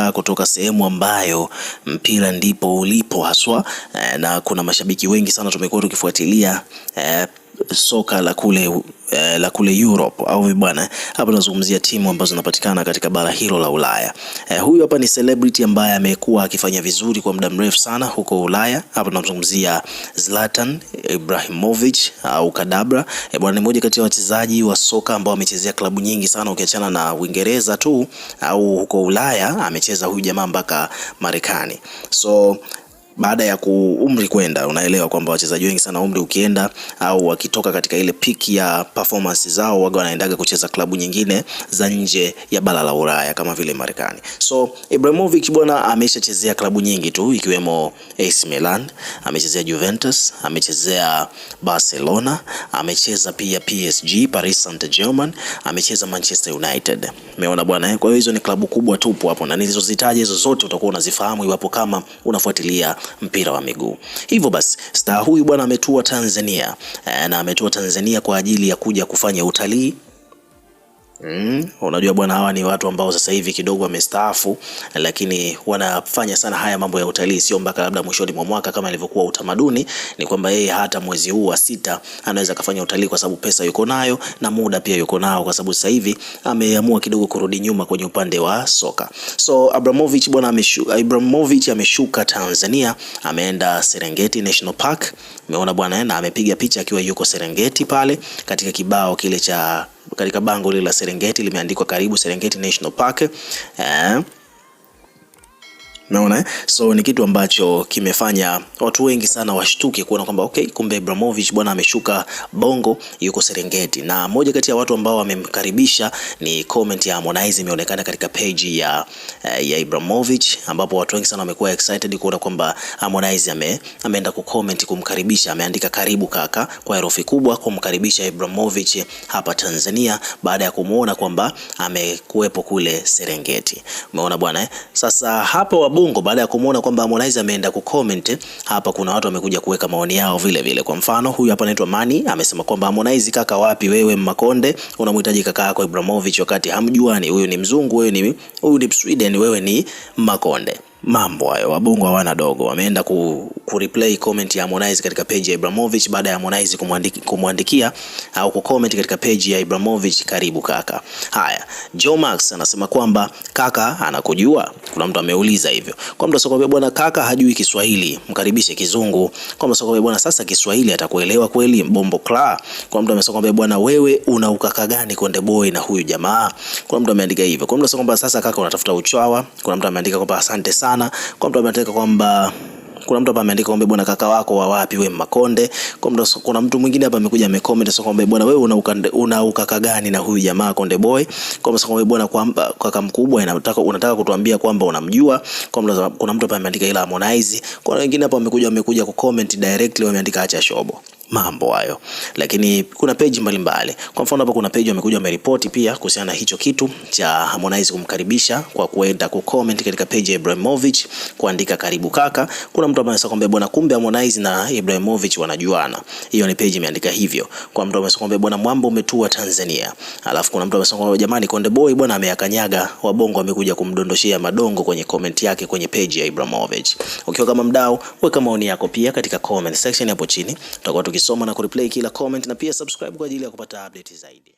hasa kutoka sehemu ambayo mpira ndipo ulipo haswa, eh, na kuna mashabiki wengi sana tumekuwa tukifuatilia eh, soka la kule eh, la kule Europe au bwana, hapa tunazungumzia timu ambazo zinapatikana katika bara hilo la Ulaya. Eh, huyu hapa ni celebrity ambaye amekuwa akifanya vizuri kwa muda mrefu sana huko Ulaya. Hapa tunazungumzia Zlatan Ibrahimovic au Kadabra. Eh, bwana ni mmoja kati ya wachezaji wa soka ambao amechezea klabu nyingi sana ukiachana na Uingereza tu au huko Ulaya amecheza huyu jamaa mpaka Marekani. So baada ya kuumri kwenda, unaelewa kwamba wachezaji wengi sana umri ukienda au wakitoka katika ile piki ya performance zao, waga wanaendaga kucheza klabu nyingine za nje ya bara la Ulaya kama vile Marekani. So Ibrahimovic bwana ameshachezea klabu nyingi tu ikiwemo AC Milan, amechezea Juventus, amechezea Barcelona, amecheza pia PSG, Paris Saint-Germain, amecheza Manchester United. Umeona bwana, eh? kwa hiyo hizo ni klabu kubwa tupo hapo, na nilizozitaja hizo zote utakuwa unazifahamu iwapo kama unafuatilia mpira wa miguu. Hivyo basi staa huyu bwana ametua Tanzania eh, na ametua Tanzania kwa ajili ya kuja kufanya utalii Mm, unajua bwana, hawa ni watu ambao sasa hivi kidogo wamestaafu, lakini wanafanya sana haya mambo ya utalii, sio mpaka labda mwishoni mwa mwaka kama ilivyokuwa utamaduni. Ni kwamba yeye hata mwezi huu wa sita anaweza akafanya utalii kwa sababu pesa yuko nayo na muda pia yuko nao, kwa sababu sasa hivi ameamua kidogo kurudi nyuma kwenye upande wa soka. So Abramovich bwana, Abramovich ameshuka Tanzania, ameenda Serengeti National Park Umeona bwana, eh, na amepiga picha akiwa yuko Serengeti pale katika kibao kile cha katika bango lile la Serengeti limeandikwa karibu Serengeti National Park eh. Umeona eh? So ni kitu ambacho kimefanya watu wengi sana washtuke kuona kwamba okay, kumbe Ibrahimovic bwana ameshuka Bongo, yuko Serengeti. Na moja kati ya watu ambao wamemkaribisha ni comment ya Harmonize imeonekana katika page ya, eh, ya Ibrahimovic ambapo watu wengi sana wamekuwa excited kuona kwamba Harmonize ame, ameenda comment kumkaribisha, ameandika karibu kaka kwa herufi kubwa kumkaribisha Ibrahimovic hapa Tanzania baada ya kumuona kwamba amekuwepo kule Serengeti. Umeona bwana eh? Sasa hapo Bongo baada ya kumuona kwamba Harmonize ameenda comment hapa, kuna watu wamekuja kuweka maoni yao vile vile. Kwa mfano huyu hapa anaitwa Mani amesema kwamba Harmonize, kaka wapi wewe Mmakonde, unamhitaji kaka yako Ibrahimovic wakati hamjuani. Huyu ni mzungu, wewe ni huyu ni Sweden, wewe ni Mmakonde. Mambo hayo, wabongo hawana dogo, wameenda ku kureplay comment ya Harmonize katika page ya Ibrahimovic baada ya Harmonize kumwandiki, kumwandikia au kucomment katika page ya Ibrahimovic, karibu kaka. Haya, Joe Max anasema kwamba kaka anakujua. Kuna mtu ameuliza hivyo. Kwa mtu asokobe bwana, kaka hajui Kiswahili, mkaribishe kizungu. Kwa mtu asokobe bwana, sasa Kiswahili atakuelewa kweli mbombo kla. Kwa mtu amesokobe bwana, wewe una ukaka gani Konde Boy na huyu jamaa? Kuna mtu ameandika hivyo. Kwa mtu asokobe sasa, kaka unatafuta uchawa. Kuna mtu ameandika kwamba asante sana. Kwa mtu ameandika kwamba kuna mtu hapa ameandika kwamba bwana kaka wako wa wapi wewe Mmakonde. Kuna mtu mwingine hapa amekuja amecomment sasa kwamba bwana wewe una una ukaka gani na huyu jamaa Konde Boy? Kwa sababu kwamba bwana kwamba kaka mkubwa unataka unataka kutuambia kwamba unamjua. Kuna mtu hapa ameandika ila Harmonize. Kuna wengine hapa wamekuja wamekuja comment directly wameandika acha shobo mambo hayo, lakini kuna peji mbalimbali. Kwa mfano hapa kuna peji wamekuja wameripoti pia kuhusiana na hicho kitu cha Harmonize kumkaribisha kwa kuenda ku comment katika peji ya Ibrahimovic kuandika karibu kaka. Kuna mtu ambaye anasema kwamba bwana, kumbe Harmonize na Ibrahimovic wanajuana. Hiyo ni peji imeandika hivyo. Kwa mtu amesema kwamba bwana, mwamba umetua Tanzania. Alafu kuna mtu amesema kwamba jamani, Konde Boy bwana ameyakanyaga wabongo, amekuja kumdondoshia madongo kwenye comment yake kwenye peji ya Ibrahimovic. Ukiwa kama mdau, weka maoni yako pia katika comment section hapo chini. Tutakuwa tukisoma na kureplay kila comment na pia subscribe kwa ajili ya kupata update zaidi.